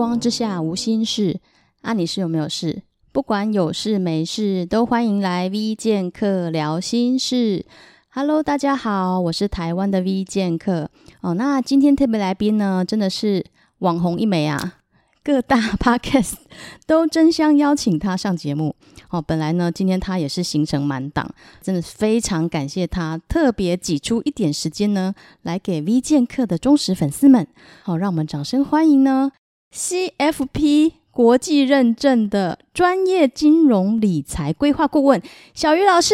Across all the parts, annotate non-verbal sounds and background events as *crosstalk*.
光之下無心事，那、啊、你是有沒有事？不管有事沒事，都歡迎來 V 健客聊心事。Hello，大家好，我是台灣的 V 健客。哦，那今天特別來賓呢，真的是網紅一枚啊！各大 Podcast 都爭相邀請他上節目。哦，本來呢，今天他也是行程滿檔，真的非常感謝他特別擠出一點時間呢，來給 V 健客的忠實粉絲們。好、哦，讓我們掌聲歡迎呢！CFP 國際認證的專業金融理財規劃顧問小瑜老師，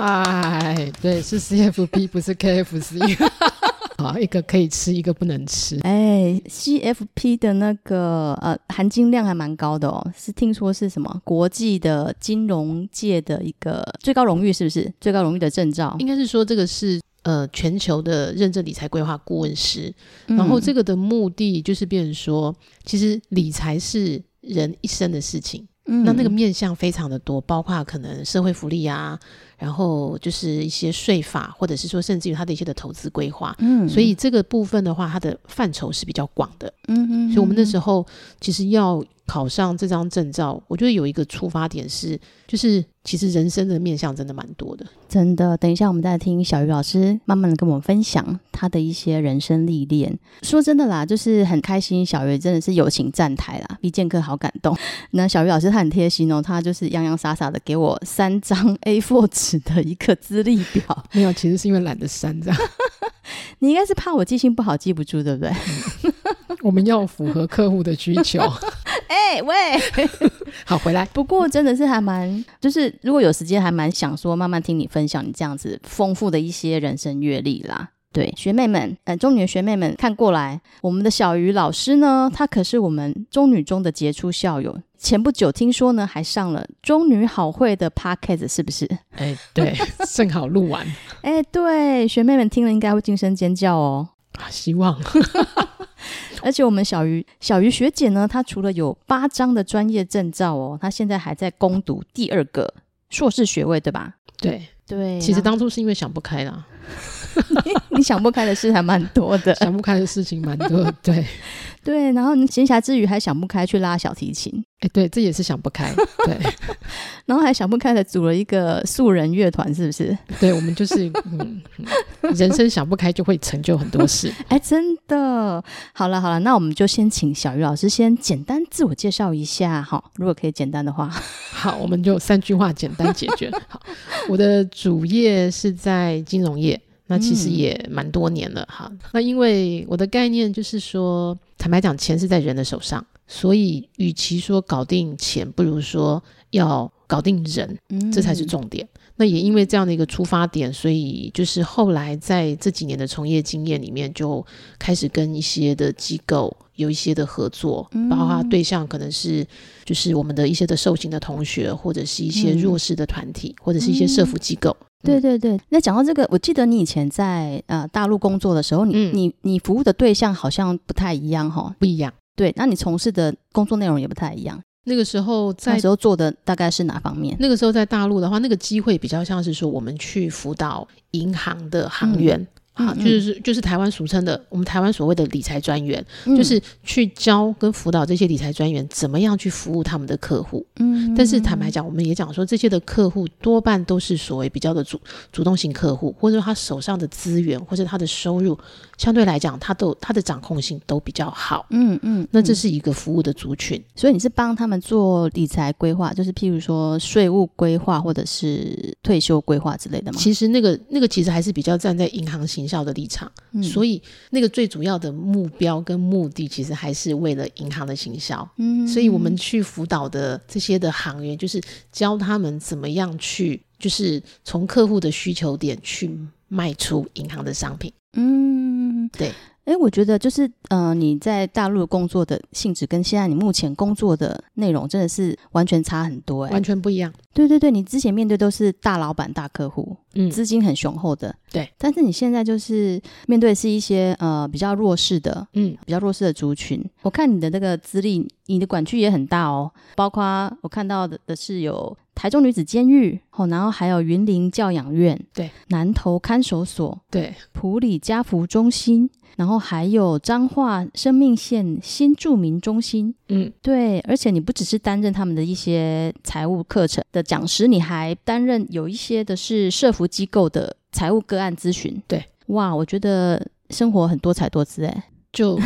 嗨，對，是 CFP，不是 KFC， *laughs* *laughs* 好，一個可以吃，一個不能吃。哎，CFP 的那個呃含金量還蠻高的哦，是聽說是什麼國際的金融界的一個最高榮譽，是不是？最高榮譽的證照，應該是說這個是。呃，全球的認證理財規劃顧問師，嗯，然後這個的目的就是變成說，其實理財是人一生的事情，嗯，那那個面向非常的多，包括可能社會福利啊，然後就是一些稅法，或者是說甚至於他的一些的投資規劃，嗯，所以這個部分的話，它的範疇是比較廣的，嗯嗯，所以我們那時候其實要考上這張證照，我覺得有一個出發點是，就是。其實人生的面向真的蠻多的，真的。等一下我們再聽小瑜老師慢慢的跟我們分享他的一些人生歷練。說真的啦，就是很開心，小瑜真的是友情站台啦，比見客好感動。那小瑜老師他很貼心哦，他就是洋洋灑灑的給我三張 A4 紙的一個資歷表。沒有，其實是因為懶得刪，這樣。你應該是怕我記性不好記不住，對不對？嗯、 *laughs* 我們要符合客戶的需求。哎、 *laughs* 欸、喂， *laughs* 好，回來。不過真的是還蠻就是。如果有時間，還蠻想說慢慢聽你分享你這樣子豐富的一些人生閱歷啦。對，學妹們，呃，中女的學妹們看過來，我們的小瑜老師呢，她可是我們中女中的傑出校友。前不久聽說呢，還上了中女好會的 podcast，是不是？哎、欸，對， *laughs* 正好錄完。哎、欸，對，學妹們聽了應該會驚聲尖叫哦。啊，希望。 *laughs* 而且我們小瑜小瑜學姐呢，她除了有八張的專業證照哦，她現在還在攻讀第二個。碩士學位對吧？對對啊，其實當初是因為想不開啦。 *laughs* 你，你想不開的事還蠻多的，想不開的事情蠻多，對 *laughs* 對。然後你閒暇之餘還想不開去拉小提琴，哎，對，這也是想不開，對。 *laughs* 然後還想不開的組了一個素人樂團，是不是？對，我們就是，嗯、人生想不開就會成就很多事，哎， *laughs* 真的。好了，好了，那我們就先請小瑜老師先簡單自我介紹一下，哈、哦，如果可以簡單的話，好，我們就三句話簡單解決。 *laughs* 好，我的主業是在金融業。那其實也蠻多年了哈、嗯。那因為我的概念就是說，坦白講，錢是在人的手上，所以與其說搞定錢，不如說要搞定人、嗯，這才是重點。那也因為這樣的一個出發點，所以就是後來在這幾年的從業經驗裡面，就開始跟一些的機構有一些的合作，嗯、包括對象可能是就是我們的一些的受刑的同學，或者是一些弱勢的團體，嗯、或者是一些社福機構。嗯嗯對對對，嗯、那講到這個，我記得你以前在呃大陸工作的時候，你你你服務的對象好像不太一樣哈、嗯，不一樣。對，那你從事的工作內容也不太一樣。那個時候在那時候做的大概是哪方面？那個時候在大陸的話，那個機會比較像是說我們去輔導銀行的行員。嗯嗯嗯嗯嗯就是就是台灣俗稱的，我們台灣所謂的理財專員，嗯，就是去教跟輔導這些理財專員怎麼樣去服務他們的客戶。嗯，嗯，嗯，嗯，但是坦白講，我們也講說，這些的客戶多半都是所謂比較的主主動型客戶，或者說他手上的資源或者他的收入相對來講，他都他的掌控性都比較好。嗯，嗯嗯，那這是一個服務的族群，所以你是幫他們做理財規劃，就是譬如說稅務規劃或者是退休規劃之類的嗎？其實那個那個其實還是比較站在銀行型。行銷的立場，嗯，所以那個最主要的目標跟目的，其實還是為了銀行的行銷，嗯。所以我們去輔導的這些的行員，就是教他們怎麼樣去，就是從客戶的需求點去賣出銀行的商品。嗯，對。哎，我覺得就是，呃，你在大陸工作的性質跟現在你目前工作的內容真的是完全差很多，哎，完全不一樣。對對對，你之前面對都是大老板、大客戶，嗯，資金很雄厚的，對。但是你現在就是面對的是一些呃比較弱勢的，嗯，比較弱勢的族群。我看你的那個資歷，你的管區也很大哦，包括我看到的的是有。台中女子監獄，哦，然後還有雲林教養院，對，南投看守所，對，埔里家扶中心，然後還有彰化生命線新住民中心，嗯，對，而且你不只是擔任他們的一些財務課程的講師，你還擔任有一些的是社福機構的財務個案諮詢，對，哇，我覺得生活很多彩多姿，哎，誒，就 *laughs*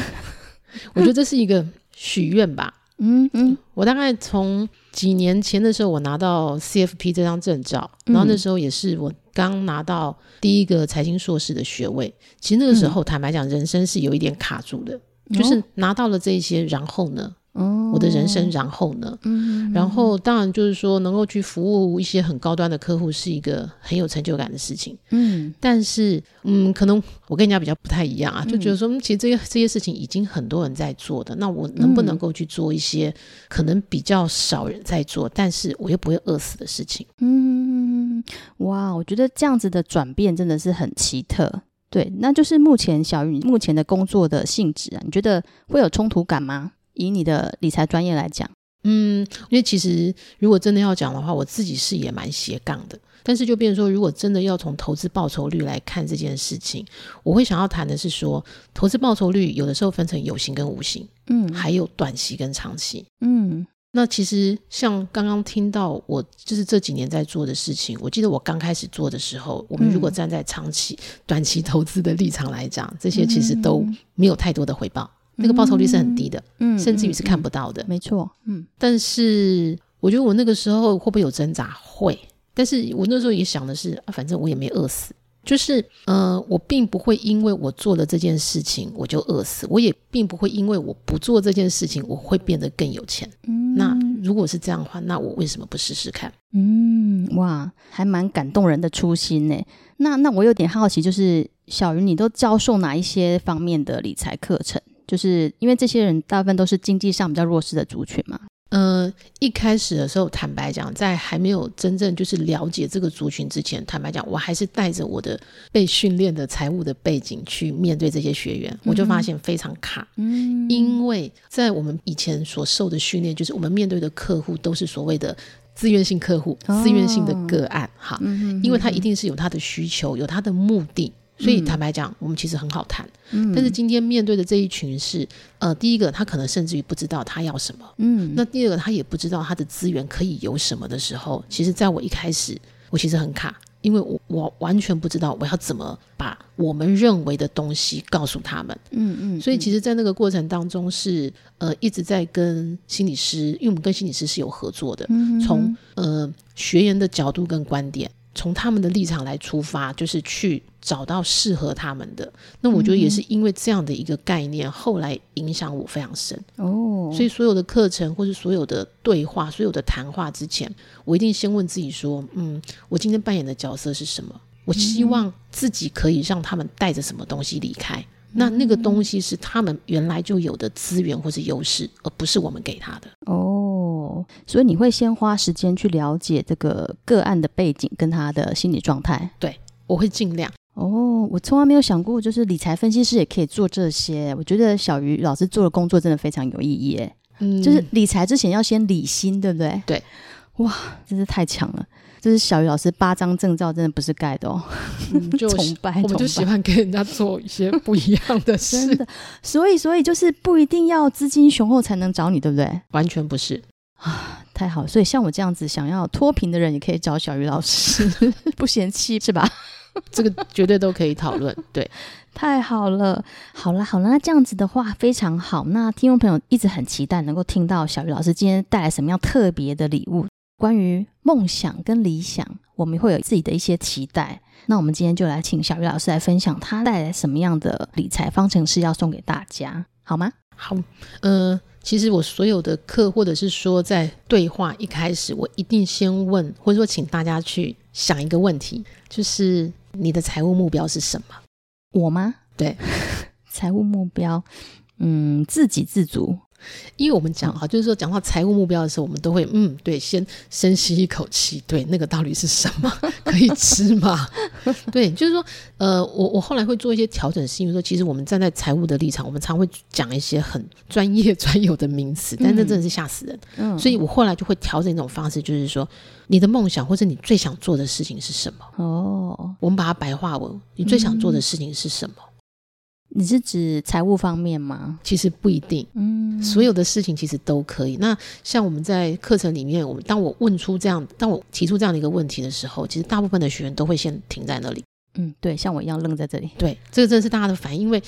我覺得這是一個許願吧。 *laughs* 嗯嗯，我大概從幾年前的時候，我拿到 CFP 這張證照，嗯，然後那時候也是我剛拿到第一個財經碩士的學位。其實那個時候，坦白講，人生是有一點卡住的，嗯，就是拿到了這一些，然後呢？Oh, 我的人生，然後呢？嗯，然後當然就是說，能夠去服務一些很高端的客戶，是一個很有成就感的事情。嗯，但是，嗯，可能我跟人家比較不太一樣啊，嗯、就覺得說，其實這些這些事情已經很多人在做的，那我能不能夠去做一些可能比較少人在做，嗯、但是我又不會餓死的事情？嗯，哇，我覺得這樣子的轉變真的是很奇特。對，那就是目前小雨你目前的工作的性質啊，你覺得會有衝突感嗎？以你的理財專業來講，嗯，因為其實如果真的要講的話，我自己是也蠻斜槓的。但是就變成說，如果真的要從投資報酬率來看這件事情，我會想要談的是說，投資報酬率有的時候分成有形跟無形，嗯，還有短期跟長期，嗯。那其實像剛剛聽到我就是這幾年在做的事情，我記得我剛開始做的時候，我們如果站在長期、嗯、短期投資的立場來講，這些其實都沒有太多的回報。那個報酬率是很低的，嗯，甚至於是看不到的，嗯嗯、沒錯，嗯。但是我覺得我那個時候會不會有掙扎？會。但是我那時候也想的是，啊、反正我也沒餓死，就是，呃，我並不會因為我做了這件事情，我就餓死，我也並不會因為我不做這件事情，我會變得更有錢。嗯。那如果是這樣的話，那我為什麼不試試看？嗯，哇，還蠻感動人的初心呢。那那我有點好奇，就是小瑜，你都教授哪一些方面的理財課程？就是因為這些人大部分都是經濟上比較弱勢的族群嘛。呃，一開始的時候，坦白講，在還沒有真正就是了解這個族群之前，坦白講，我還是帶着我的被訓練的財務的背景去面對這些學員，嗯、我就發現非常卡、嗯。因為在我們以前所受的訓練，就是我們面對的客戶都是所謂的自願性客戶、哦、自願性的個案哈、嗯，因為他一定是有他的需求，有他的目的。所以坦白講、嗯，我們其實很好談、嗯。但是今天面對的這一群是，呃，第一個他可能甚至於不知道他要什麼。嗯。那第二個他也不知道他的資源可以有什麼的時候，其實在我一開始，我其實很卡，因為我我完全不知道我要怎麼把我們認為的東西告訴他們。嗯嗯，嗯。所以其實，在那個過程當中是，是呃一直在跟心理師，因為我們跟心理師是有合作的。嗯嗯嗯、從呃學員的角度跟觀點。從他們的立場來出發，就是去找到適合他們的。那我覺得也是因為這樣的一個概念，嗯、後來影響我非常深。哦，所以所有的課程或是所有的對話、所有的談話之前，我一定先問自己說：嗯，我今天扮演的角色是什麼？我希望自己可以讓他們帶着什麼東西離開。嗯、那那個東西是他們原來就有的資源或者優勢，而不是我們給他的。哦。所以你會先花時間去了解這個個案的背景跟他的心理狀態。對我會盡量哦。我從來沒有想過，就是理財分析師也可以做這些。我覺得小瑜老師做的工作真的非常有意義。嗯，就是理財之前要先理心，對不對？對。哇，真是太強了！就是小瑜老師八張證照，真的不是蓋的哦、嗯就 *laughs* 崇。崇拜，我們就喜歡給人家做一些不一樣的事 *laughs* 真的。所以，所以就是不一定要資金雄厚才能找你，對不對？完全不是。啊，太好了！所以像我這樣子想要脫貧的人，也可以找小瑜老師， *laughs* 不嫌棄是吧？ *laughs* 這個絕對都可以討論。 *laughs* 對，太好了，好了好了，那這樣子的話非常好。那聽眾朋友一直很期待能夠聽到小瑜老師今天帶來什麼樣特別的禮物。關於夢想跟理想，我們會有自己的一些期待。那我們今天就來請小瑜老師來分享他帶來什麼樣的理財方程式，要送給大家，好嗎？好，嗯、呃。其實我所有的課，或者是說在對話一開始，我一定先問，或者說請大家去想一個問題，就是你的財務目標是什麼？我嗎？對， *laughs* 財務目標，嗯，自給自足。因為我們講哈、嗯，就是說，講到財務目標的時候，我們都會嗯，對，先深吸一口氣，對，那個到底是什麼？ *laughs* 可以吃嗎？ *laughs* 對，就是說，呃，我我後來會做一些調整，是因為說，其實我們站在財務的立場，我們常會講一些很專業專有的名詞，但這真的是嚇死人。嗯，所以我後來就會調整一種方式，就是說，你的夢想或者你最想做的事情是什麼？哦，我們把它白話文，你最想做的事情是什麼？嗯嗯你是指財務方面嗎？其實不一定，嗯，所有的事情其實都可以。那像我們在課程裡面，我們當我問出這樣，當我提出這樣的一個問題的時候，其實大部分的學員都會先停在那裡。嗯，對，像我一樣愣在這裡。對，這個真的是大家的反應，因為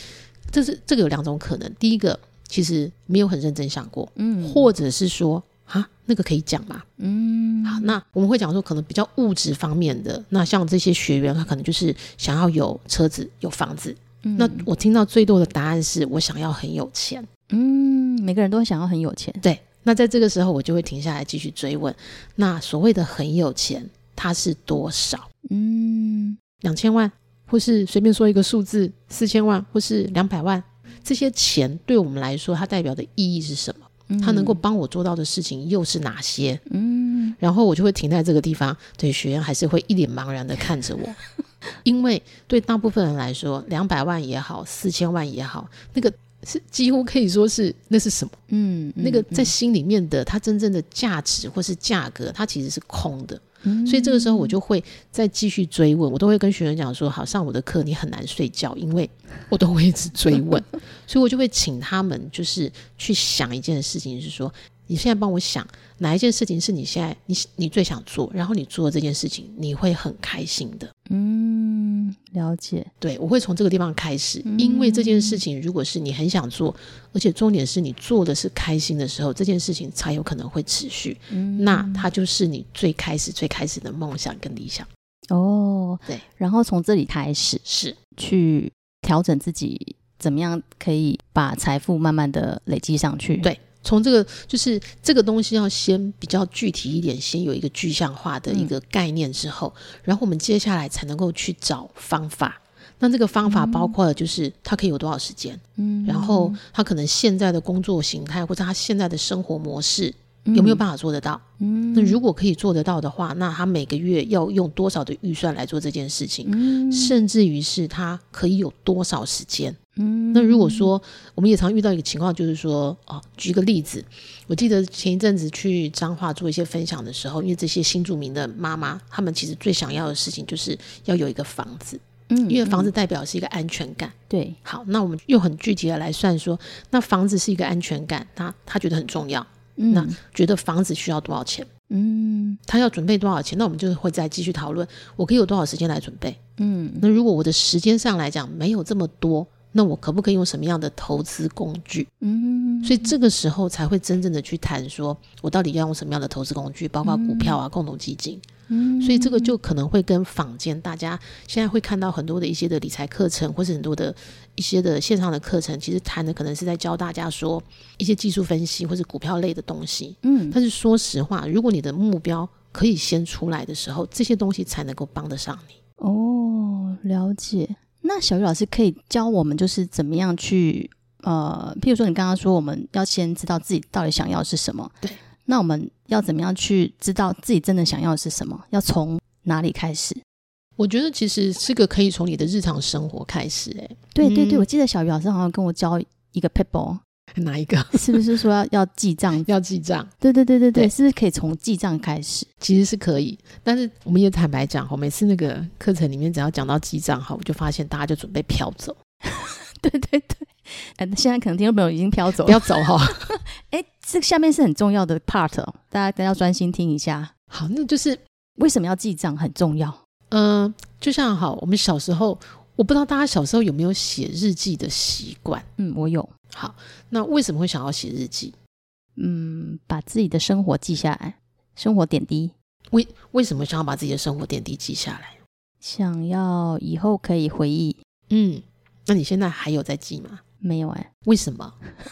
這是這個有兩種可能：第一個，其實沒有很認真想過；嗯，或者是說哈，那個可以講嗎？嗯，好，那我們會講說，可能比較物質方面的。那像這些學員，他可能就是想要有車子、有房子。嗯，那我聽到最多的答案是我想要很有錢。嗯，每個人都會想要很有錢。對，那在這個時候我就會停下來繼續追問。那所謂的很有錢，它是多少？嗯，兩千萬，或是隨便說一個數字，四千萬，或是兩百萬。這些錢對我們來說，它代表的意義是什麼？它能夠幫我做到的事情又是哪些？嗯，然後我就會停在這個地方。對，學員還是會一臉茫然的看着我。 *laughs* 因為對大部分人來說，兩百萬也好，四千萬也好，那個是幾乎可以說是那是什麼？嗯，那個在心裡面的、嗯嗯、它真正的價值或是價格，它其實是空的。所以這個時候我就會再繼續追問、嗯，我都會跟學生講說：好，上我的課你很難睡覺，因為我都會一直追問。 *laughs* 所以，我就會請他們就是去想一件事情，就是說。你現在幫我想哪一件事情是你現在你你最想做，然後你做這件事情你會很開心的。嗯，了解。對，我會從這個地方開始，嗯，因為這件事情如果是你很想做，而且重點是你做的是開心的時候，這件事情才有可能會持續。嗯，那它就是你最開始最開始的夢想跟理想。哦，對。然後從這裡開始是去調整自己，怎麼樣可以把財富慢慢的累積上去。對。從這個就是這個東西要先比較具體一點，先有一個具象化的一個概念之後，嗯，然後我們接下來才能夠去找方法。那這個方法包括的就是他可以有多少時間，嗯，然後他可能現在的工作形態或者他現在的生活模式。有沒有辦法做得到、嗯嗯？那如果可以做得到的話，那他每個月要用多少的預算來做這件事情？嗯、甚至於是他可以有多少時間、嗯？那如果說、嗯、我們也常遇到一個情況，就是說哦，舉個例子，我記得前一陣子去彰化做一些分享的時候，因為這些新住民的媽媽，她們其實最想要的事情就是要有一個房子、嗯嗯，因為房子代表是一個安全感。對，好，那我們又很具體的來算說，那房子是一個安全感，他她覺得很重要。那覺得房子需要多少錢？嗯，他要準備多少錢？那我們就會再繼續討論，我可以有多少時間來準備？嗯，那如果我的時間上來講沒有這麼多，那我可不可以用什麼樣的投資工具？嗯，所以這個時候才會真正的去談，說我到底要用什麼樣的投資工具，包括股票啊，嗯，共同基金。嗯，所以這個就可能會跟坊間大家現在會看到很多的一些的理財課程，或是很多的一些的線上的課程，其實談的可能是在教大家說一些技術分析或者股票類的東西。嗯，但是說實話，如果你的目標可以先出來的時候，這些東西才能夠幫得上你。哦，了解。那小瑜老師可以教我們就是怎麼樣去呃，譬如說你剛剛說我們要先知道自己到底想要是什麼，對。那我們要怎麼樣去知道自己真的想要的是什麼？要從哪裡開始？我覺得其實是個可以從你的日常生活開始，欸。哎，對對對，嗯，我記得小瑜老師好像跟我教一個撇步，哪一個？是不是說要要記賬？要記賬？ *laughs* 對對對對對，對，是不是可以從記賬開始？其實是可以，但是我們也坦白講哈，每次那個課程裡面只要講到記賬哈，我就發現大家就準備飄走。 *laughs* 對對對，對，哎，現在可能聽眾朋友已經飄走了，不要走哈。 *laughs* 哎，這下面是很重要的 part，大家都要專心聽一下。好，那就是為什麼要記賬很重要。嗯、呃，就像好，我們小時候，我不知道大家小時候有沒有寫日記的習慣。嗯，我有。好，那為什麼會想要寫日記？嗯，把自己的生活記下來，生活點滴。為為什麼想要把自己的生活點滴記下來？想要以後可以回憶。嗯，那你現在還有在記嗎？沒有哎、欸。為什麼？ *laughs*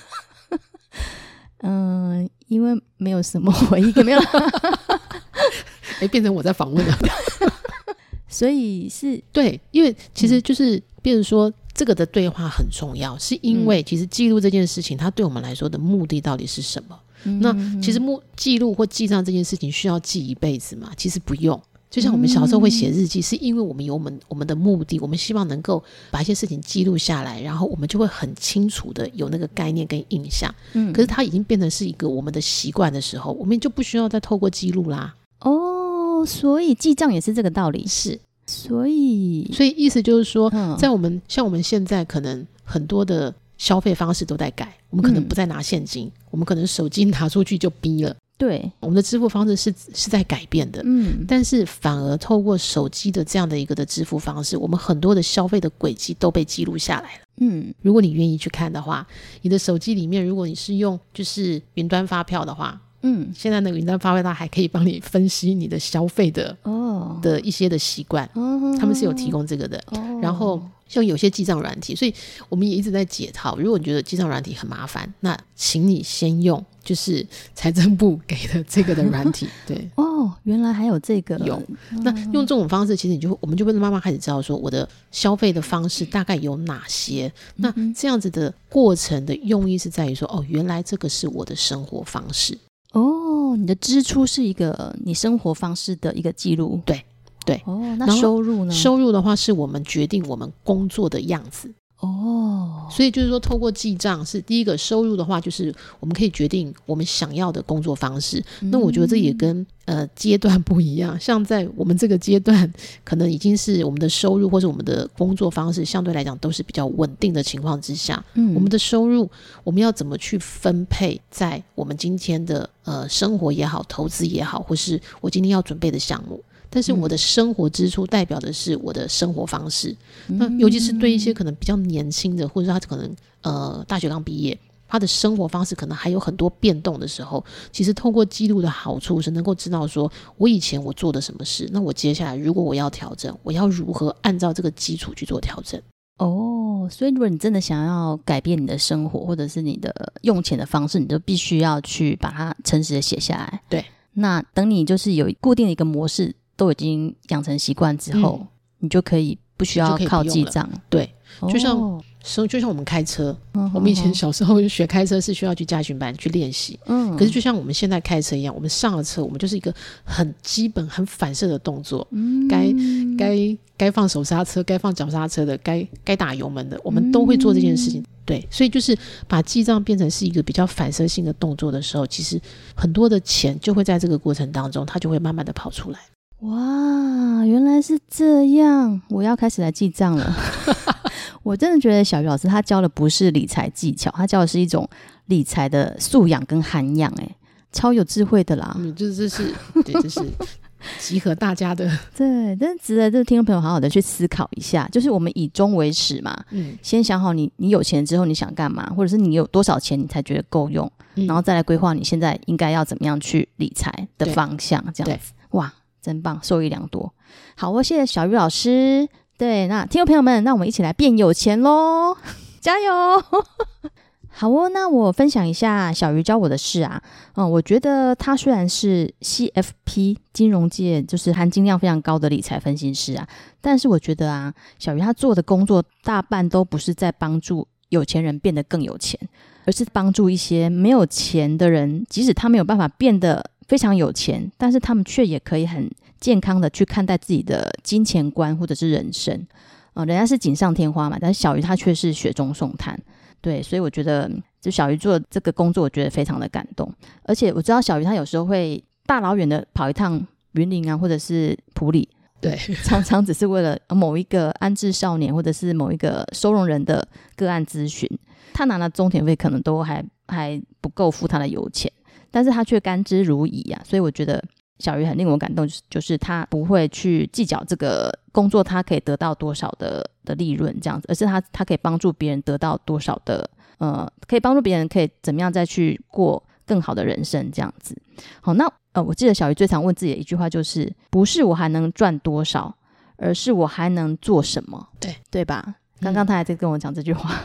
嗯，因為沒有什麼回應，沒有， *laughs* 哎、 *laughs* 欸，變成我在訪問了 *laughs* *laughs* 所以是，對，因為其實就是，比如說這個的對話很重要，嗯、是因為其實記錄這件事情，它對我們來說的目的到底是什麼？嗯、那其實目記錄或記賬這件事情需要記一輩子嗎？其實不用。就像我們小時候會寫日記、嗯，是因為我們有我們我們的目的，我們希望能夠把一些事情記錄下來，然後我們就會很清楚的有那個概念跟印象。嗯、可是它已經變成是一個我們的習慣的時候，我們就不需要再透過記錄啦。哦，所以記賬也是這個道理，是，所以，所以意思就是說，嗯、在我們像我們現在可能很多的消費方式都在改，我們可能不再拿現金，嗯、我們可能手機拿出去就嗶了。對，我們的支付方式是是在改變的，嗯，但是反而透過手機的這樣的一個的支付方式，我們很多的消費的軌跡都被記錄下來了，嗯，如果你願意去看的話，你的手機裡面，如果你是用就是雲端發票的話，嗯，現在那個雲端發票它還可以幫你分析你的消費的哦、oh. 的一些的習慣，他們是有提供這個的。Oh. 然後像有些記賬軟體，所以我們也一直在解套。如果你覺得記賬軟體很麻煩，那請你先用就是財政部給的這個的軟體。對哦，oh, 原來還有這個。有那用這種方式，其實你就我們就慢慢慢慢開始知道說，我的消費的方式大概有哪些。那這樣子的過程的用意是在於說，哦，原來這個是我的生活方式。哦，你的支出是一個你生活方式的一個記錄，對對。哦，那收入呢？收入的話，是我們決定我們工作的樣子。哦、oh，所以就是說，透過記賬是第一個。收入的話，就是我們可以決定我們想要的工作方式。嗯、那我覺得這也跟呃階段不一樣。像在我們這個階段，可能已經是我們的收入或是我們的工作方式相對來講都是比較穩定的情況之下，嗯，我們的收入我們要怎麼去分配在我們今天的呃生活也好、投資也好，或是我今天要準備的項目。但是我的生活支出代表的是我的生活方式、嗯，那尤其是對一些可能比較年輕的，嗯、或者說他可能呃大學剛畢業，他的生活方式可能還有很多變動的時候，其實透過記錄的好處是能夠知道說我以前我做的什麼事，那我接下來如果我要調整，我要如何按照這個基礎去做調整？哦，所以如果你真的想要改變你的生活，或者是你的用錢的方式，你就必須要去把它誠實的寫下來。對，那等你就是有固定的一個模式。都已經養成習慣之後，嗯、你就可以不需要靠記賬。對，哦、就像就像我們開車、哦好好，我們以前小時候學開車是需要去駕訓班去練習、嗯。可是就像我們現在開車一樣，我們上了車，我們就是一個很基本、很反射的動作。嗯、該該該放手剎車，該放腳剎車的，該該打油門的，我們都會做這件事情。嗯、對，所以就是把記賬變成是一個比較反射性的動作的時候，其實很多的錢就會在這個過程當中，它就會慢慢的跑出來。哇，原來是這樣！我要開始來記賬了。 *laughs* 我真的覺得小瑜老師他教的不是理財技巧，他教的是一種理財的素養跟涵養、欸，誒超有智慧的啦！嗯，這這是對，這是 *laughs* 集合大家的對，真的值得這聽眾朋友好好的去思考一下。就是我們以終為始嘛，嗯，先想好你你有錢之後你想幹嘛，或者是你有多少錢你才覺得夠用、嗯，然後再來規劃你現在應該要怎麼樣去理財的方向，對這樣子。對哇。真棒，受益良多。好哦，謝謝小瑜老師。對，那聽眾朋友們，那我們一起來變有錢嘍，加油！ *laughs* 好哦，那我分享一下小瑜教我的事啊。嗯，我覺得他雖然是 CFP 金融界就是含金量非常高的理財分析師啊，但是我覺得啊，小瑜他做的工作大半都不是在幫助有錢人變得更有錢，而是幫助一些沒有錢的人，即使他沒有辦法變得。非常有錢，但是他們卻也可以很健康的去看待自己的金錢觀或者是人生，啊、呃，人家是錦上添花嘛，但是小瑜他卻是雪中送炭，對，所以我覺得就小瑜做這個工作，我覺得非常的感動。而且我知道小瑜他有時候會大老遠的跑一趟雲林啊，或者是埔里，對，常常只是為了某一個安置少年或者是某一個收容人的個案諮詢，他拿了鐘點費可能都還還不夠付他的油錢。但是他卻甘之如飴啊，所以我覺得小魚很令我感動，就是，就是他不會去計較這個工作他可以得到多少的的利潤這樣子，而是他他可以幫助別人得到多少的，呃，可以幫助別人可以怎麼樣再去過更好的人生這樣子。好，那呃，我記得小魚最常問自己的一句話就是，不是我還能賺多少，而是我還能做什麼，對對吧？剛剛他還在跟我講這句話，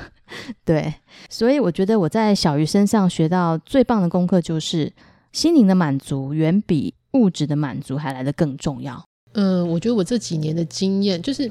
對，所以我覺得我在小魚身上學到最棒的功課就是，心靈的滿足遠比物質的滿足還來得更重要。嗯、呃，我覺得我這幾年的經驗就是，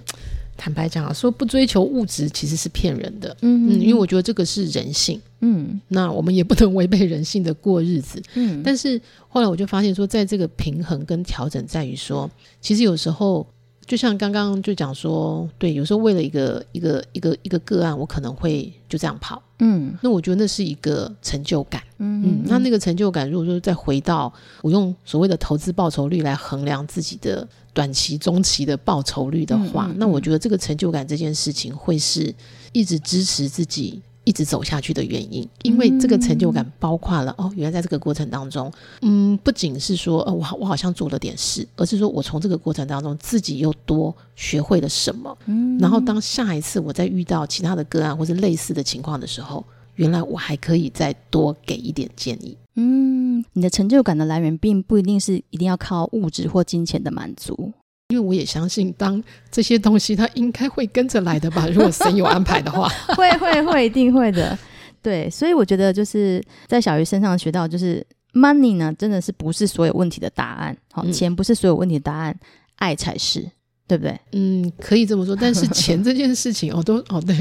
坦白講啊，說不追求物質其實是騙人的。嗯嗯，因為我覺得這個是人性。嗯，那我們也不能違背人性的過日子。嗯，但是後來我就發現說，在這個平衡跟調整在於說，其實有時候。就像剛剛就講說，對，有時候為了一個一個一個一個個案，我可能會就這樣跑，嗯，那我覺得那是一個成就感，嗯，嗯，嗯，那那個成就感，如果說再回到我用所謂的投資報酬率來衡量自己的短期、中期的報酬率的話，嗯嗯嗯，那我覺得這個成就感這件事情會是一直支持自己一直走下去的原因，因為這個成就感包括了、嗯、哦，原來在這個過程當中，嗯，不僅是說哦，我好我好像做了點事，而是說我從這個過程當中自己又多學會了什麼。嗯，然後當下一次我再遇到其他的個案或是類似的情況的時候，原來我還可以再多給一點建議。嗯，你的成就感的來源並不一定是一定要靠物質或金錢的滿足。因為我也相信，當這些東西，他應該會跟着來的吧？如果神有安排的話， *laughs* 會會會，一定會的。 *laughs* 對，所以我覺得就是在小魚身上學到，就是 money 呢，真的是不是所有問題的答案？好，錢不是所有問題的答案，嗯、愛才是。對不對？嗯，可以這麼說。但是錢這件事情，我、 *laughs* 哦、都哦，對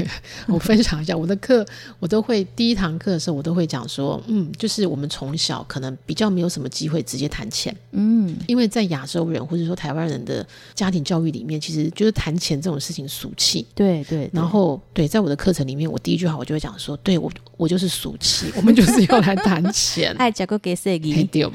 我分享一下我的課，我都會第一堂課的時候，我都會講說，嗯，就是我們從小可能比較沒有什麼機會直接談錢，嗯，因為在亞洲人或者說台灣人的家庭教育裡面，其實就是談錢這種事情俗氣，對對，對。然後對，在我的課程裡面，我第一句話我就會講說，對我我就是俗氣， *laughs* 我們就是要來談錢，哎， *laughs* *laughs* 價個給誰的？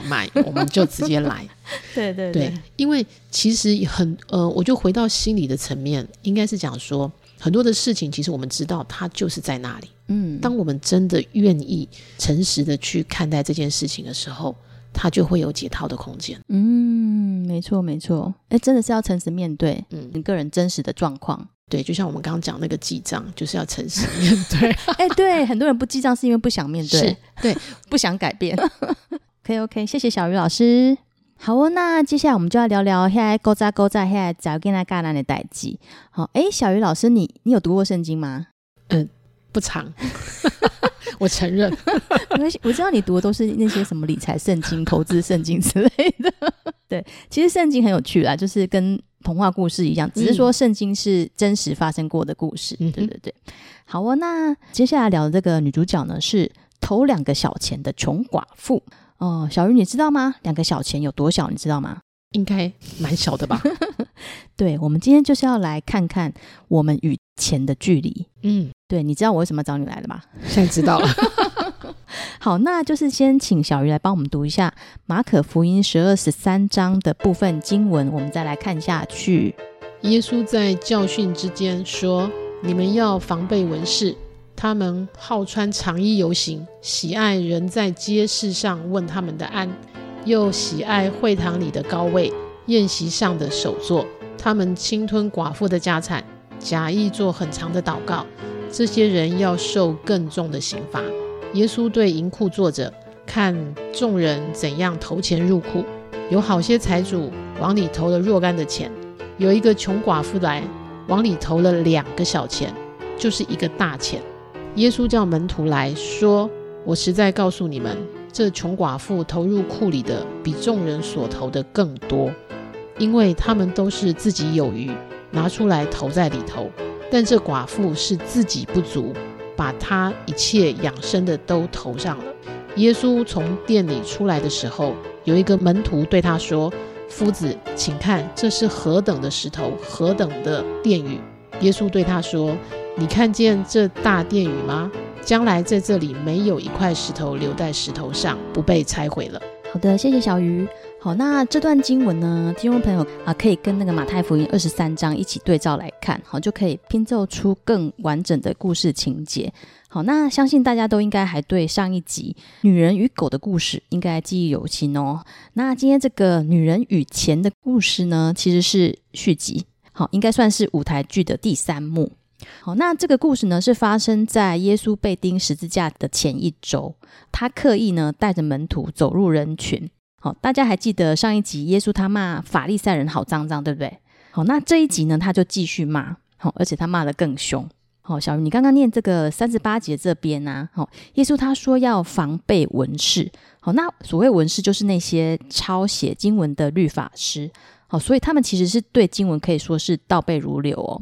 賣掉，我們就直接來， *laughs* 對對對，對，因為其實很呃，我就。回到心理的層面，應該是講說很多的事情，其實我們知道它就是在那裡。嗯，當我們真的願意誠實的去看待這件事情的時候，它就會有解套的空間。嗯，沒錯沒錯。哎、欸，真的是要誠實面對，嗯，你個人真實的狀況。對，就像我們剛剛講那個記賬，就是要誠實面對。哎、 *laughs* 欸，對，很多人不記賬是因為不想面對，對，不想改變。 *laughs* OK OK，謝謝小瑜老師。好哦，那接下來我們就要聊聊現在古早古早現在在跟那嘎南的代誌。好，哎，小瑜老師，你你有讀過聖經嗎？嗯，不常， *laughs* 我承認。我 *laughs* 我知道你讀的都是那些什麼理財聖經、 *laughs* 投資聖經之類的。 *laughs* 對，其實聖經很有趣啦，就是跟童話故事一樣，只是說聖經是真實發生過的故事。嗯。對對對。好哦，那接下來聊的這個女主角呢，是投兩個小錢的窮寡婦。哦，小魚，你知道嗎？兩個小錢有多小？你知道嗎？應該蠻小的吧。 *laughs* 對，我們今天就是要來看看我們與錢的距離。嗯，對，你知道我為什麼找你來的嗎？現在知道了。 *laughs* *laughs* 好，那就是先請小魚來幫我們讀一下《馬可福音》十二十三章的部分經文，我們再來看下去。耶穌在教訓之間說：“你們要防備文士。”他們好穿長衣遊行，喜愛人在街市上問他們的安，又喜愛會堂裡的高位、宴席上的首座。他們侵吞寡婦的家產，假意做很長的禱告。這些人要受更重的刑罰。耶穌對銀庫坐着，看眾人怎樣投錢入庫。有好些財主往裡投了若干的錢，有一個窮寡婦來，往裡投了兩個小錢，就是一個大錢。耶穌叫門徒來說：“我實在告訴你們，這窮寡婦投入庫裡的比眾人所投的更多，因為他們都是自己有餘，拿出來投在裡頭；但這寡婦是自己不足，把她一切養生的都投上了。”耶穌從殿裡出來的時候，有一個門徒對他說：“夫子，請看，這是何等的石頭，何等的殿宇！”耶穌對他說。你看見這大殿宇嗎？將來在這裡沒有一塊石頭留在石頭上，不被拆毀了。好的，謝謝小瑜。好，那這段經文呢，聽眾朋友啊，可以跟那個馬太福音二十三章一起對照來看，好，就可以拼湊出更完整的故事情節。好，那相信大家都應該還對上一集女人與狗的故事應該記憶猶新哦。那今天這個女人與錢的故事呢，其實是續集，好，應該算是舞台劇的第三幕。好，那這個故事呢，是發生在耶穌被釘十字架的前一周。他刻意呢帶着門徒走入人群。好、哦，大家還記得上一集耶穌他罵法利賽人好髒髒，對不對？好，那這一集呢他就繼續罵，好、哦，而且他罵得更凶。好、哦，小云，你剛剛念這個三十八節這邊呢、啊，好、哦，耶穌他說要防備文士。好、哦，那所謂文士就是那些抄寫經文的律法師。好、哦，所以他們其實是對經文可以說是倒背如流哦。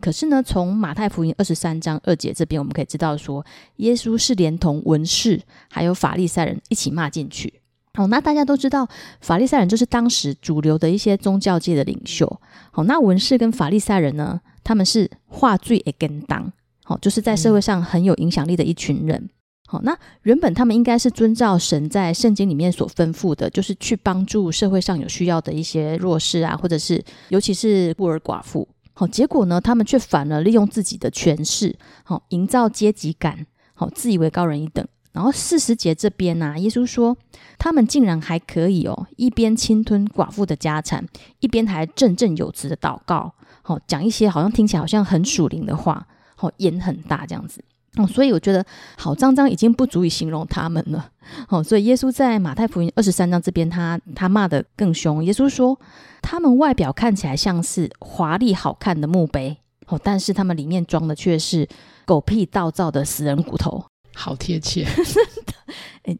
可是呢，從馬太福音二十三章二節這邊，我們可以知道說，耶穌是連同文士還有法利賽人一起罵進去。好、哦，那大家都知道，法利賽人就是當時主流的一些宗教界的領袖。好、哦，那文士跟法利賽人呢，他們是化作也跟當。好，就是在社會上很有影響力的一群人。好、嗯哦，那原本他們應該是遵照神在聖經裡面所吩咐的，就是去幫助社會上有需要的一些弱勢啊，或者是尤其是孤兒寡婦。好，結果呢，他們卻反而利用自己的權勢，好營造階級感，好自以為高人一等。然後四十節這邊啊，耶穌說，他們竟然還可以哦，一邊侵吞寡婦的家產，一邊還振振有詞的禱告，好講一些好像聽起來好像很屬靈的話，好癮很大這樣子。哦，所以我覺得好髒髒已經不足以形容他們了。哦，所以耶穌在馬太福音二十三章這邊，他他罵得更兇。耶穌說，他們外表看起來像是華麗好看的墓碑，哦，但是他們裡面裝的卻是狗屁倒灶，灶的死人骨頭。好貼切，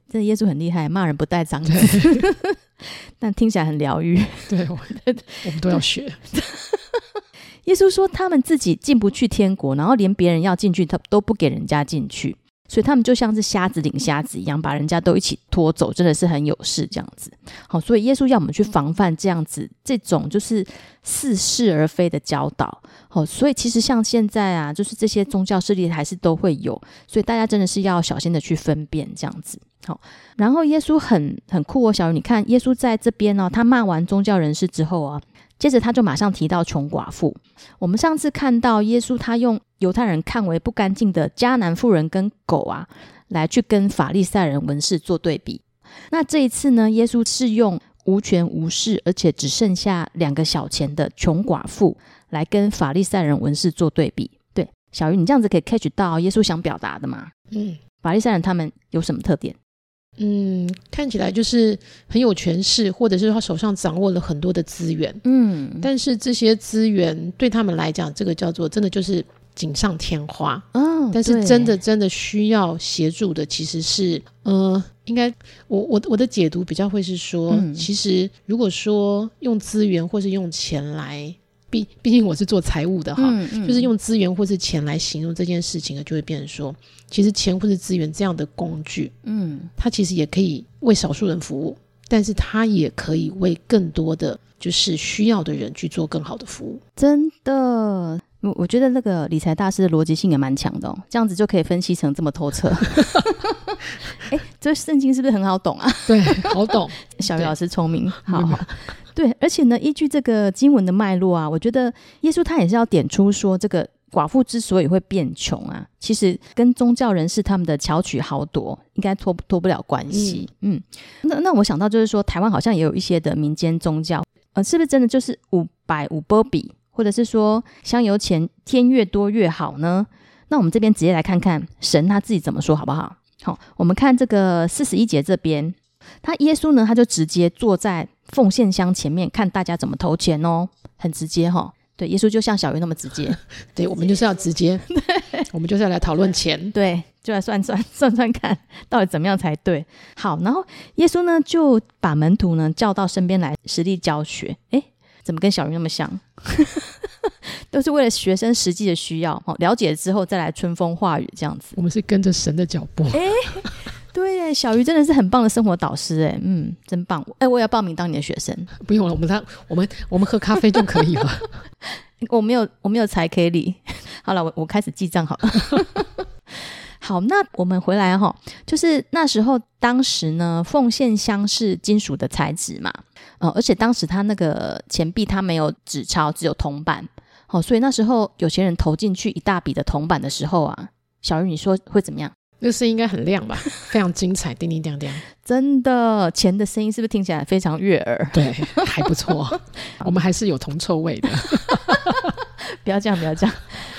這， *laughs* 欸，耶穌很厲害，罵人不帶髒字， *laughs* 但聽起來很療癒。對我，我們都要學。 *laughs* 耶穌說：“他們自己進不去天國，然後連別人要進去，他都不給人家進去，所以他們就像是瞎子領瞎子一樣，把人家都一起拖走，真的是很有事這樣子。好，所以耶穌要我們去防範這樣子，這種就是似是而非的教導。好，所以其實像現在啊，就是這些宗教勢力還是都會有，所以大家真的是要小心的去分辨這樣子。好，然後耶穌很很酷哦，小魚，你看耶穌在這邊呢、哦，他罵完宗教人士之後啊。”接着他就馬上提到窮寡婦。我們上次看到耶穌，他用猶太人看為不乾淨的迦南婦人跟狗啊，來去跟法利賽人文士做對比。那這一次呢，耶穌是用無權無勢，而且只剩下兩個小錢的窮寡婦來跟法利賽人文士做對比。對，小魚，你這樣子可以 catch 到耶穌想表達的嗎？嗯，法利賽人他們有什麼特點？嗯，看起來就是很有權勢，或者是他手上掌握了很多的資源。嗯，但是這些資源對他們來講，這個叫做真的就是錦上添花。嗯、哦，但是真的真的需要協助的，其實是呃，應該我我我的解讀比較會是說，嗯、其實如果說用資源或是用錢來。畢畢竟我是做財務的哈，嗯嗯、就是用資源或是錢來形容這件事情呢，就會變成說，其實錢或是資源這樣的工具，嗯，它其實也可以為少數人服務，但是它也可以為更多的就是需要的人去做更好的服務。真的，我我覺得那個理財大師的邏輯性也蠻強的、喔，這樣子就可以分析成這麼透徹。 *laughs* 哎，這聖經是不是很好懂啊？對，好懂。 *laughs* 小瑜老師聰明，好,好。對，而且呢，依據這個經文的脈絡啊，我覺得耶穌他也是要點出說，這個寡婦之所以會變窮啊，其實跟宗教人士他們的巧取豪奪應該脫脫不了關係。嗯，嗯那那我想到就是說，台灣好像也有一些的民間宗教，呃，是不是真的就是五百五波比，或者是說香油錢天越多越好呢？那我們這邊直接來看看神他自己怎麼說，好不好？好、哦，我們看這個四十一節這邊，他耶穌呢，他就直接坐在奉獻箱前面，看大家怎麼投錢哦，很直接哈、哦。對，耶穌就像小魚那麼直接。 *laughs* 對，我們就是要直接， *laughs* 我們就是要來討論錢， *laughs* 對，就來算算，算算看，到底怎麼樣才對。好，然後耶穌呢，就把門徒呢叫到身邊來，實地教學。哎。怎麼跟小瑜那麼像？ *laughs* 都是為了學生實際的需要，了解了之後再來春風化雨這樣子。我們是跟着神的腳步，哎，對耶，小瑜真的是很棒的生活導師，哎，嗯，真棒。哎，我也要報名當你的學生，不用了，我們我們我們喝咖啡就可以了。 *laughs* 我沒有，我沒有財可以理。好了，我我開始記賬好了。 *laughs* 好，那我們回來哈、哦，就是那時候，當時呢，鳳縣香是金屬的材質嘛，哦、呃，而且當時它那個錢幣它沒有紙鈔，只有銅板，好、哦，所以那時候有錢人投進去一大筆的銅板的時候啊，小玉，你說會怎麼樣？那是應該很亮吧，非常精彩， *laughs* 叮叮噹噹，真的，錢的聲音是不是聽起來非常悅耳？對，還不錯， *laughs* 我們還是有銅臭味的， *laughs* *laughs* 不要這樣，不要這樣。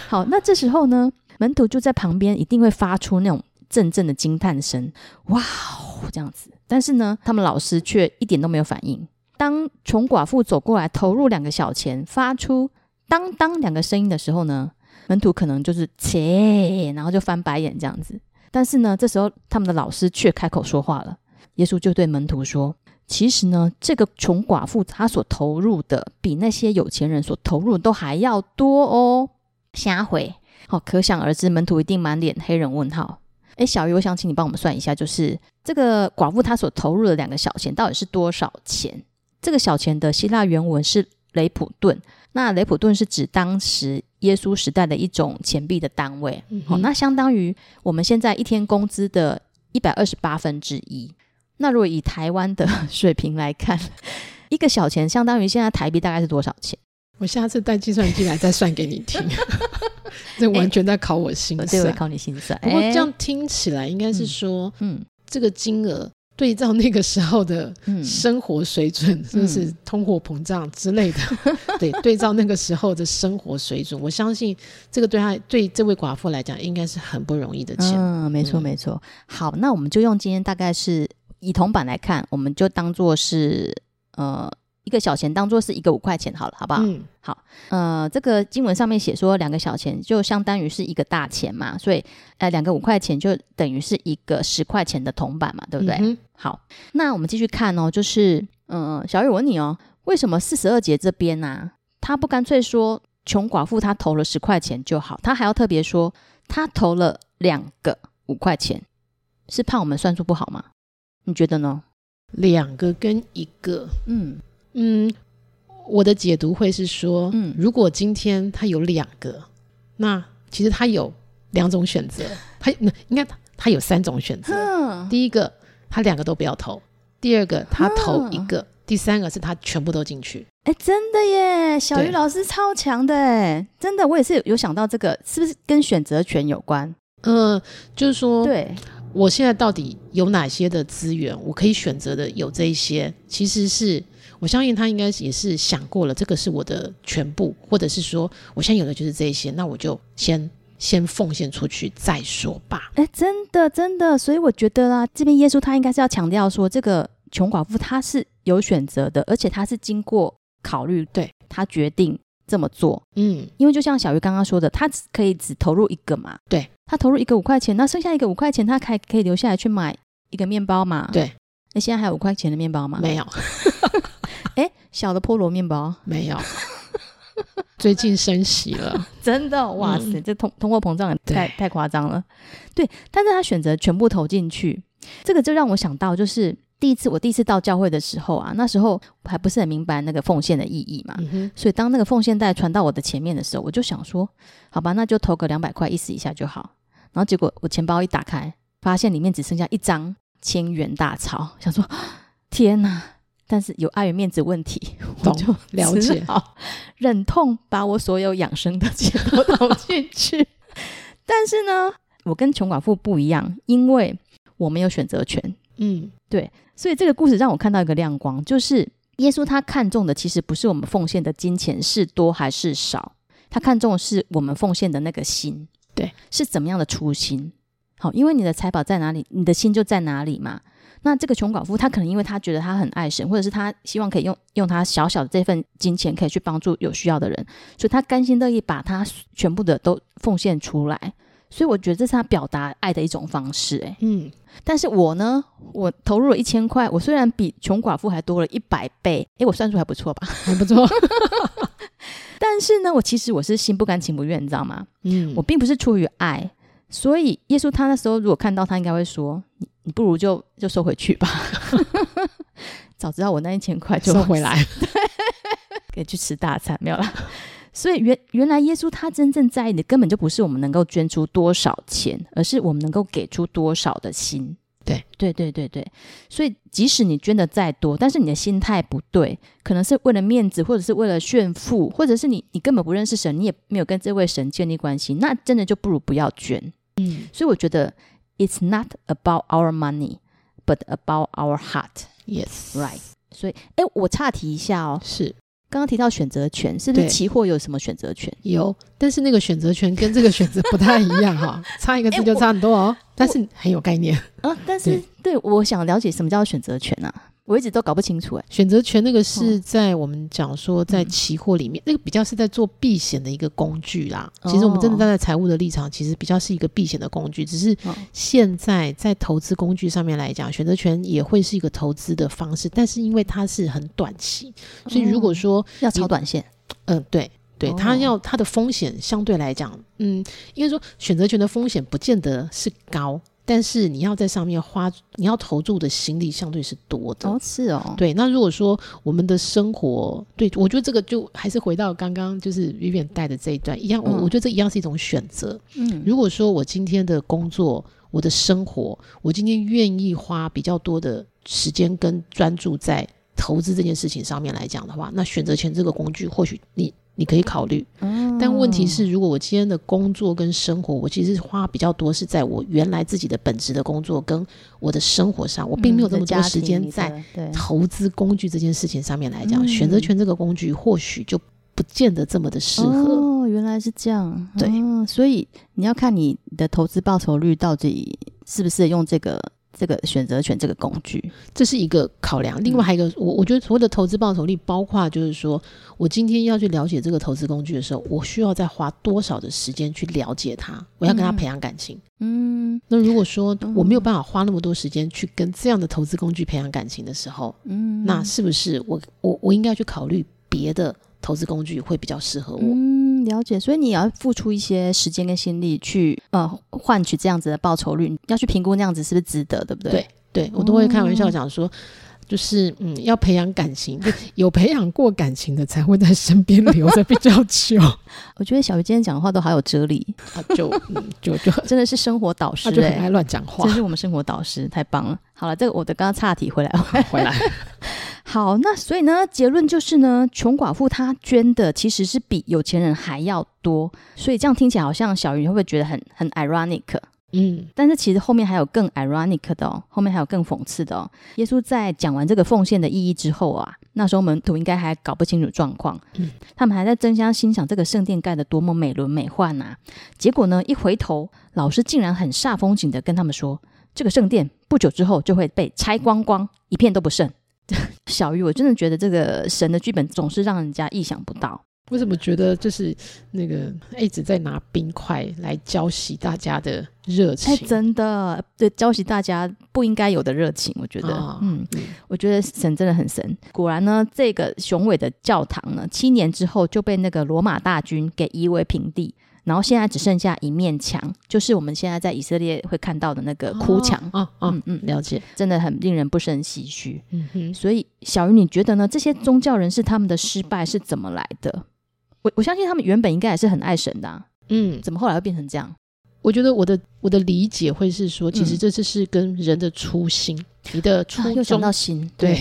好，那這時候呢？門徒就在旁邊，一定會發出那種陣陣的驚嘆聲，哇哦，這樣子。但是呢，他們老師卻一點都沒有反應。當窮寡婦走過來，投入兩個小錢，發出當當兩個聲音的時候呢，門徒可能就是切，然後就翻白眼這樣子。但是呢，這時候他們的老師卻開口說話了。耶穌就對門徒說：“其實呢，這個窮寡婦她所投入的，比那些有錢人所投入的都還要多哦，下回。”可想而知，門徒一定滿臉黑人問號。哎，小瑜，我想請你幫我們算一下，就是這個寡婦她所投入的兩個小錢到底是多少錢？這個小錢的希臘原文是雷普頓，那雷普頓是指當時耶穌時代的一種錢幣的單位。嗯哼。哦，那相當於我們現在一天工資的一百二十八分之一。那如果以台灣的水平來看，一個小錢相當於現在台幣大概是多少錢？我下次帶計算機來再算給你聽 *laughs* *laughs* 這完全在考我心算，考你心算。不過這樣聽起來應該是說嗯，嗯，這個金額對照那個時候的生活水準，嗯、就是通貨膨脹之類的、嗯。對，對照那個時候的生活水準， *laughs* 我相信這個對他對這位寡婦來講應該是很不容易的錢。嗯，沒錯沒錯。好，那我們就用今天大概是以銅板來看，我們就當做是呃。一個小錢當做是一個五塊錢好了，好不好？嗯、好，呃，這個經文上面寫說兩個小錢就相當於是一個大錢嘛，所以呃，兩個五塊錢就等於是一個十塊錢的銅板嘛，對不對？嗯、好，那我們繼續看哦，就是，嗯、呃，小雨問你哦，為什麼四十二節這邊啊，他不乾脆說窮寡婦她投了十塊錢就好，他還要特別說他投了兩個五塊錢，是怕我們算數不好嗎？你覺得呢？兩個跟一個，嗯。嗯，我的解讀會是說，嗯，如果今天他有兩個，那其實他有兩種選擇，嗯、他那應該他他有三種選擇。第一個，他兩個都不要投；第二個，他投一個；第三個是他全部都進去。哎、欸，真的耶，小瑜老師超強的，哎，真的，我也是有想到這個，是不是跟選擇權有關？嗯、呃，就是說，對我現在到底有哪些的資源，我可以選擇的有這一些，其實是。我相信他應該也是想過了，這個是我的全部，或者是說我現在有的就是這一些，那我就先先奉獻出去再說吧。哎，真的真的，所以我覺得啦，這邊耶穌他應該是要強調說，這個窮寡婦他是有選擇的，而且他是經過考慮，對，他決定這麼做。嗯，因為就像小魚剛剛說的，他只可以只投入一個嘛，對，他投入一個五塊錢，那剩下一個五塊錢，他還可以留下來去買一個麵包嘛？對，那現在還有五塊錢的麵包嗎？沒有。 *laughs* 哎，小的菠蘿麵包沒有， *laughs* 最近升息了， *laughs* 真的，哇塞，嗯、這通通貨膨脹也太太誇張了，對。但是他選擇全部投進去，這個就讓我想到，就是第一次我第一次到教會的時候啊，那時候還不是很明白那個奉獻的意義嘛，嗯、所以當那個奉獻袋傳到我的前面的時候，我就想說，好吧，那就投個兩百塊，意思一下就好。然後結果我錢包一打開，發現裡面只剩下一張千元大鈔，想說，天哪！但是有礙於面子問題，我就了解。忍痛把我所有養生的錢都投進去。 *laughs* 了 *laughs* *laughs* *laughs* 但是呢，我跟窮寡婦不一樣，因為我沒有選擇權。嗯，對。所以這個故事讓我看到一個亮光，就是耶穌他看中的其實不是我們奉獻的金錢是多還是少，他看中的是我們奉獻的那個心、嗯，對，是怎麼樣的初心？好、哦，因為你的財寶在哪裡，你的心就在哪裡嘛。那這個窮寡婦，她可能因為她覺得她很愛神，或者是她希望可以用用她小小的這份金錢，可以去幫助有需要的人，所以她甘心樂意把她全部的都奉獻出來。所以我覺得這是她表達愛的一種方式、欸，嗯。但是我呢，我投入了一千塊，我雖然比窮寡婦還多了一百倍，誒、欸，我算數還不錯吧？還不錯。 *laughs* *laughs* 但是呢，我其實我是心不甘情不願，你知道嗎？嗯。我並不是出於愛。所以耶穌他那時候如果看到他應該會說：“你，你不如就就收回去吧。 *laughs* ”早知道我那一千塊就收回來，可以 *laughs* 去吃大餐沒有啦，所以原原來耶穌他真正在意的根本就不是我們能夠捐出多少錢，而是我們能夠給出多少的心。對對對對對。所以即使你捐的再多，但是你的心態不對，可能是為了面子，或者是為了炫富，或者是你你根本不認識神，你也沒有跟這位神建立關係，那真的就不如不要捐。嗯，所以我覺得 it's not about our money, but about our heart. Yes, right. 所以，哎、欸，我岔題一下哦。是剛剛提到選擇權，是對期貨有什麼選擇權？有， *laughs* 但是那個選擇權跟這個選擇不太一樣哈、哦， *laughs* 差一個字就差很多哦。欸、但是很有概念啊、呃。但是 *laughs* 對，對，我想了解什麼叫選擇權啊。我一直都搞不清楚哎、欸，選擇權那個是在我們講說，在期貨裡面，那個比較是在做避險的一個工具啦。其實我們真的站在財務的立場，其實比較是一個避險的工具。只是現在在投資工具上面來講，選擇權也會是一個投資的方式，但是因為它是很短期，所以如果說要炒短線，嗯，對對，它要它的風險相對來講，嗯，應該說選擇權的風險不見得是高。但是你要在上面花，你要投注的心力相對是多的。哦，是哦，對。那如果說我們的生活，對，我覺得這個就還是回到剛剛就是 Vivian 帶的這一段一樣，嗯。我我覺得這一樣是一種選擇。嗯，如果說我今天的工作、我的生活，我今天願意花比較多的時間跟專注在投資這件事情上面來講的話，那選擇權這個工具，或許你。你可以考慮，但問題是，如果我今天的工作跟生活，我其實花比較多是在我原來自己的本職的工作跟我的生活上，嗯、我並沒有這麼多時間在投資工具這件事情上面來講、嗯，選擇權這個工具或許就不見得這麼的適合，哦，原來是這樣，嗯，對，所以你要看你的投資報酬率到底是不是用這個。這個選擇權，這個工具，這是一個考量。另外還有一個，嗯、我我覺得所謂的投資報酬率，包括就是說我今天要去了解這個投資工具的時候，我需要再花多少的時間去了解它，我要跟他培養感情。嗯，嗯那如果說我沒有辦法花那麼多時間去跟這樣的投資工具培養感情的時候，嗯，那是不是我我我應該去考慮別的投資工具會比較適合我？嗯嗯了解，所以你也要付出一些時間跟心力去呃換取這樣子的報酬率，要去評估那樣子是不是值得，對不對？對，對我都會開玩笑講說，就是嗯，要培養感情，有培養過感情的才會在身邊留在比較久。 *laughs* 我覺得小魚今天講的話都好有哲理， *laughs* 他就，嗯、就就就 *laughs* 真的是生活導師對、欸，愛亂講話，真是我們生活導師，太棒了。好了，這個我的剛剛岔題回來，回來。 *laughs* 好，那所以呢，結論就是呢，窮寡婦她捐的其實是比有錢人還要多，所以這樣聽起來好像小云會不會覺得很很 ironic？嗯，但是其實後面還有更 ironic 的哦，後面還有更諷刺的哦。耶穌在講完這個奉獻的意義之後啊，那時候門徒應該還搞不清楚狀況，嗯，他們還在爭相欣賞這個聖殿蓋的多麼美輪美奐啊，結果呢，一回頭，老師竟然很煞風景的跟他們說，這個聖殿不久之後就會被拆光光，一片都不剩。 *laughs* 小魚，我真的覺得這個神的劇本總是讓人家意想不到。為什麼覺得就是那個一直在拿冰塊來澆熄大家的熱情？欸、真的，對，澆熄大家不應該有的熱情。我覺得、哦嗯，嗯，我覺得神真的很神。果然呢，這個雄偉的教堂呢，七年之後就被那個羅馬大軍給夷為平地。然後現在只剩下一面牆，就是我們現在在以色列會看到的那個哭牆、哦哦哦、嗯嗯，了解，真的很令人不勝唏噓。嗯嗯，所以小瑜，你覺得呢？這些宗教人士他們的失敗是怎麼來的？我我相信他們原本應該也是很愛神的、啊，嗯，怎麼後來會變成這樣？我覺得我的我的理解會是說，其實這次是跟人的初心，嗯、你的初衷、啊、到心，對，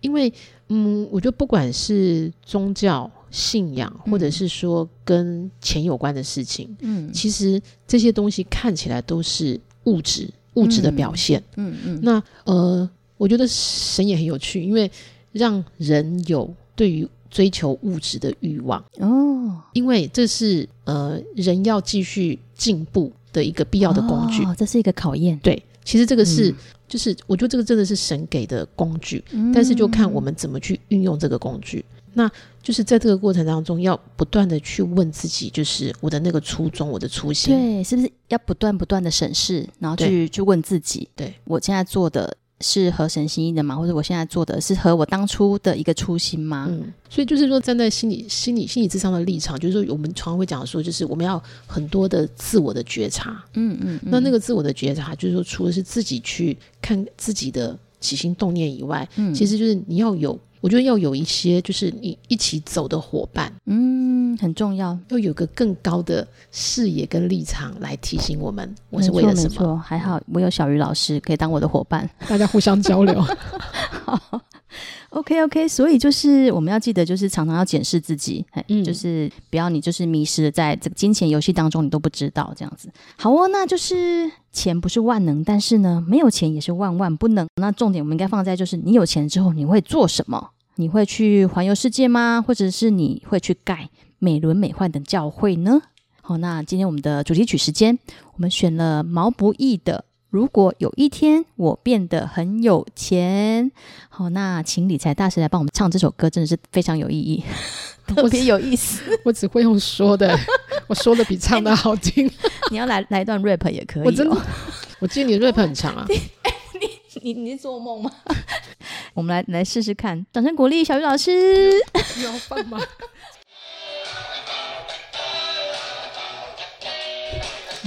因為嗯，我覺得不管是宗教。信仰，或者是說跟錢有關的事情，嗯，其實這些東西看起來都是物質，物質的表現，嗯嗯，嗯。那呃，我覺得神也很有趣，因為讓人有對於追求物質的欲望哦，因為這是呃人要繼續進步的一個必要的工具，哦、這是一個考驗。對，其實這個是、嗯、就是我覺得這個真的是神給的工具，嗯嗯嗯，但是就看我們怎麼去運用這個工具。那就是在這個過程當中，要不斷的去問自己，就是我的那個初衷，我的初心，對，是不是要不斷不斷的審視，然後去去問自己，對我現在做的是合神心意的嗎？或者我現在做的是和我當初的一個初心嗎？嗯，所以就是說，站在心理心理心理諮商的立場，就是說，我們常常會講說，就是我們要很多的自我的覺察，嗯嗯，嗯，那那個自我的覺察，就是說，除了是自己去看自己的起心動念以外，嗯，其實就是你要有。我覺得要有一些，就是你一起走的夥伴，嗯，很重要。要有個更高的視野跟立場來提醒我們，我是為了什麼？沒錯，沒錯，還好我有小瑜老師可以當我的夥伴，大家互相交流。 *laughs* 好。OK OK，所以就是我們要記得，就是常常要檢視自己，嗯嘿，就是不要你就是迷失在這個金錢遊戲當中，你都不知道這樣子。好哦，那就是錢不是萬能，但是呢，沒有錢也是萬萬不能。那重點我們應該放在就是你有錢之後你會做什麼？你會去環遊世界嗎？或者是你會去蓋美輪美奐的教會呢？好，那今天我們的主題曲時間，我們選了毛不易的。如果有一天我變得很有錢，好，那請理財大師來幫我們唱這首歌，真的是非常有意義，特別有意思我。我只會用說的， *laughs* 我說的比唱的好聽，欸你。你要來來一段 rap 也可以。喔我。我記得你的 rap 很強啊！你，欸、你你，你做夢嗎？ *laughs* 我們來來試試看，掌聲鼓勵小雨老師小瑜老師。你，你要放嗎？ *laughs*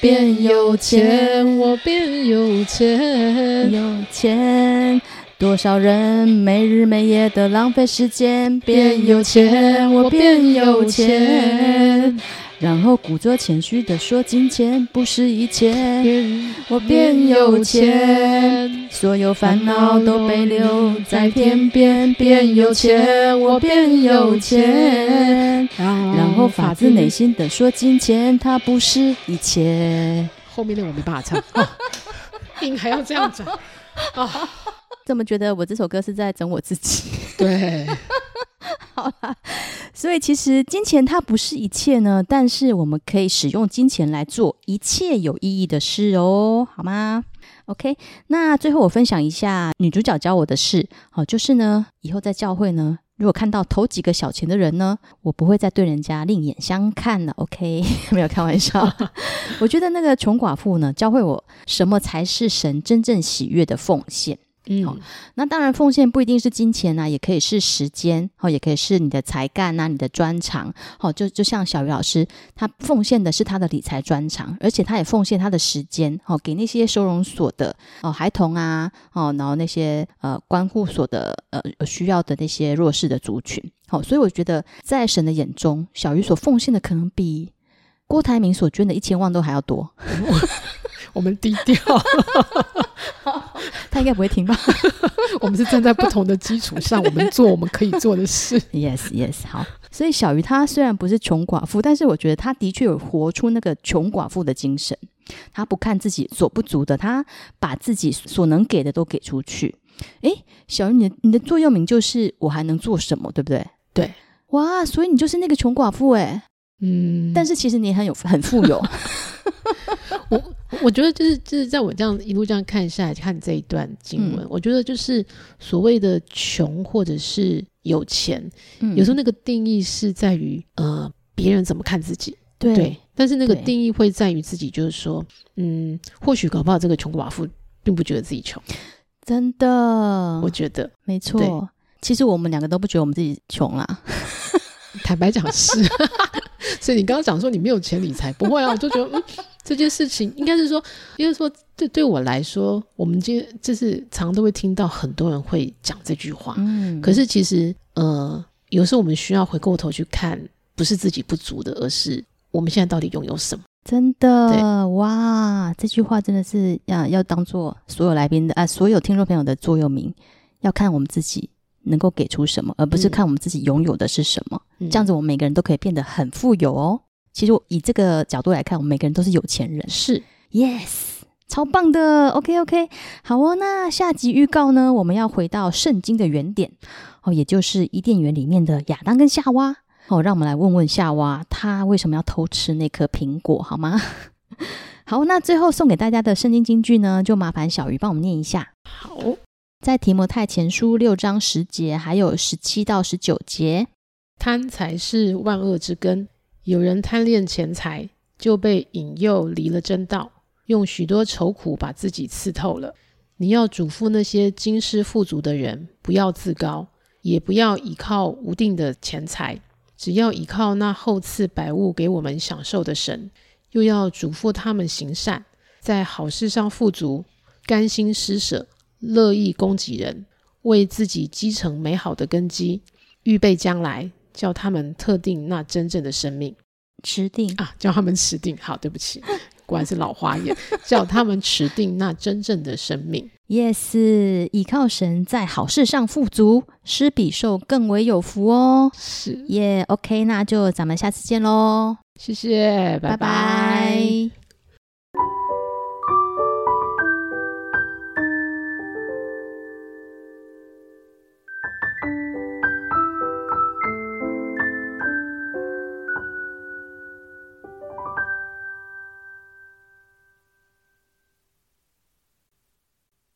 變有錢，我變有錢。有錢，多少人沒日沒夜的浪費時間？變有錢，我變有錢。然後故作謙虛的說，金錢不是一切，我變有錢，所有煩惱都被留在天邊，變有錢，我變有錢。啊、然後發自內心的說，金錢、啊、它不是一切。後面的我沒辦法唱，病、哦、 *laughs* 還要這樣整、哦、 *laughs* 這麼覺得我這首歌是在整我自己？對， *laughs* 好了。所以其實金錢它不是一切呢，但是我們可以使用金錢來做一切有意義的事哦，好嗎？OK，那最後我分享一下女主角教我的事，好、哦，就是呢，以後在教會呢，如果看到投幾個小錢的人呢，我不會再對人家另眼相看了，OK，沒有開玩笑。 *laughs* *laughs* 我覺得那個窮寡婦呢，教會我什麼才是神真正喜悅的奉獻。嗯、哦，那當然，奉獻不一定是金錢啊，也可以是時間，哦，也可以是你的才幹啊，你的專長，哦，就就像小瑜老師，他奉獻的是他的理財專長，而且他也奉獻他的時間，哦，給那些收容所的哦孩童啊，哦，然後那些呃關護所的呃需要的那些弱勢的族群，好、哦，所以我覺得在神的眼中，小瑜所奉獻的可能比郭台銘所捐的一千萬都還要多， *laughs* *laughs* 我們低調。 *laughs* *laughs* 他應該不會聽吧？ *laughs* 我們是站在不同的基礎上， *laughs* 我們做我們可以做的事。Yes, yes。好，所以小魚他雖然不是窮寡婦，但是我覺得他的確有活出那個窮寡婦的精神。他不看自己所不足的，他把自己所能給的都給出去。誒、欸，小魚，你的你的座右銘就是“我還能做什麼”，對不對？對。哇，所以你就是那個窮寡婦誒、欸。嗯，但是其實你很有很富有。 *laughs* 我我覺得就是就是在我這樣一路這樣看下來看這一段經文，嗯、我覺得就是所謂的窮或者是有錢，嗯，有時候那個定義是在於呃別人怎麼看自己對。對，但是那個定義會在於自己，就是說，嗯，或許搞不好這個窮寡婦並不覺得自己窮。真的，我覺得沒錯。對，其實我們兩個都不覺得我們自己窮啊。 *laughs* 坦白講是， *laughs* 所以你剛剛講說你沒有錢理財？不會啊，我就覺得、嗯、這件事情應該是說，因為說對對我來說，我們今天就是常都會聽到很多人會講這句話，嗯，可是其實呃，有時候我們需要回過頭去看，不是自己不足的，而是我們現在到底擁有什麼？真的對哇，這句話真的是要要當做所有來賓的啊，所有聽眾朋友的座右銘，要看我們自己。能夠給出什麼，而不是看我們自己擁有的是什麼。嗯、這樣子，我們每個人都可以變得很富有哦。嗯、其實我以這個角度來看，我們每個人都是有錢人。是，Yes，超棒的。OK，OK、okay, okay、好哦。那下集預告呢？我們要回到聖經的原點哦，也就是伊甸園裡面的亞當跟夏娃。哦，讓我們來問問夏娃，她為什麼要偷吃那顆蘋果，好嗎？ *laughs* 好，那最後送給大家的聖經金句呢，就麻煩小魚幫我們念一下。好。在提摩太前書六章十節，還有十七到十九節。貪財是萬惡之根，有人貪戀錢財，就被引誘離了真道，用許多愁苦把自己刺透了。你要囑咐那些今世富足的人，不要自高，也不要倚靠無定的錢財，只要依靠那厚賜百物給我們享受的神。又要囑咐他們行善，在好事上富足，甘心施捨，樂意供給人，為自己積成美好的根基，預備將來，叫他們持定那真正的生命。持定啊，叫他們持定。好，對不起，果然是老花眼， *laughs* 叫他們持定那真正的生命。Yes，倚靠神在好事上富足，施比受更為有福哦。是，Yeah，OK，那就咱們下次見嘍。謝謝，拜拜。Bye bye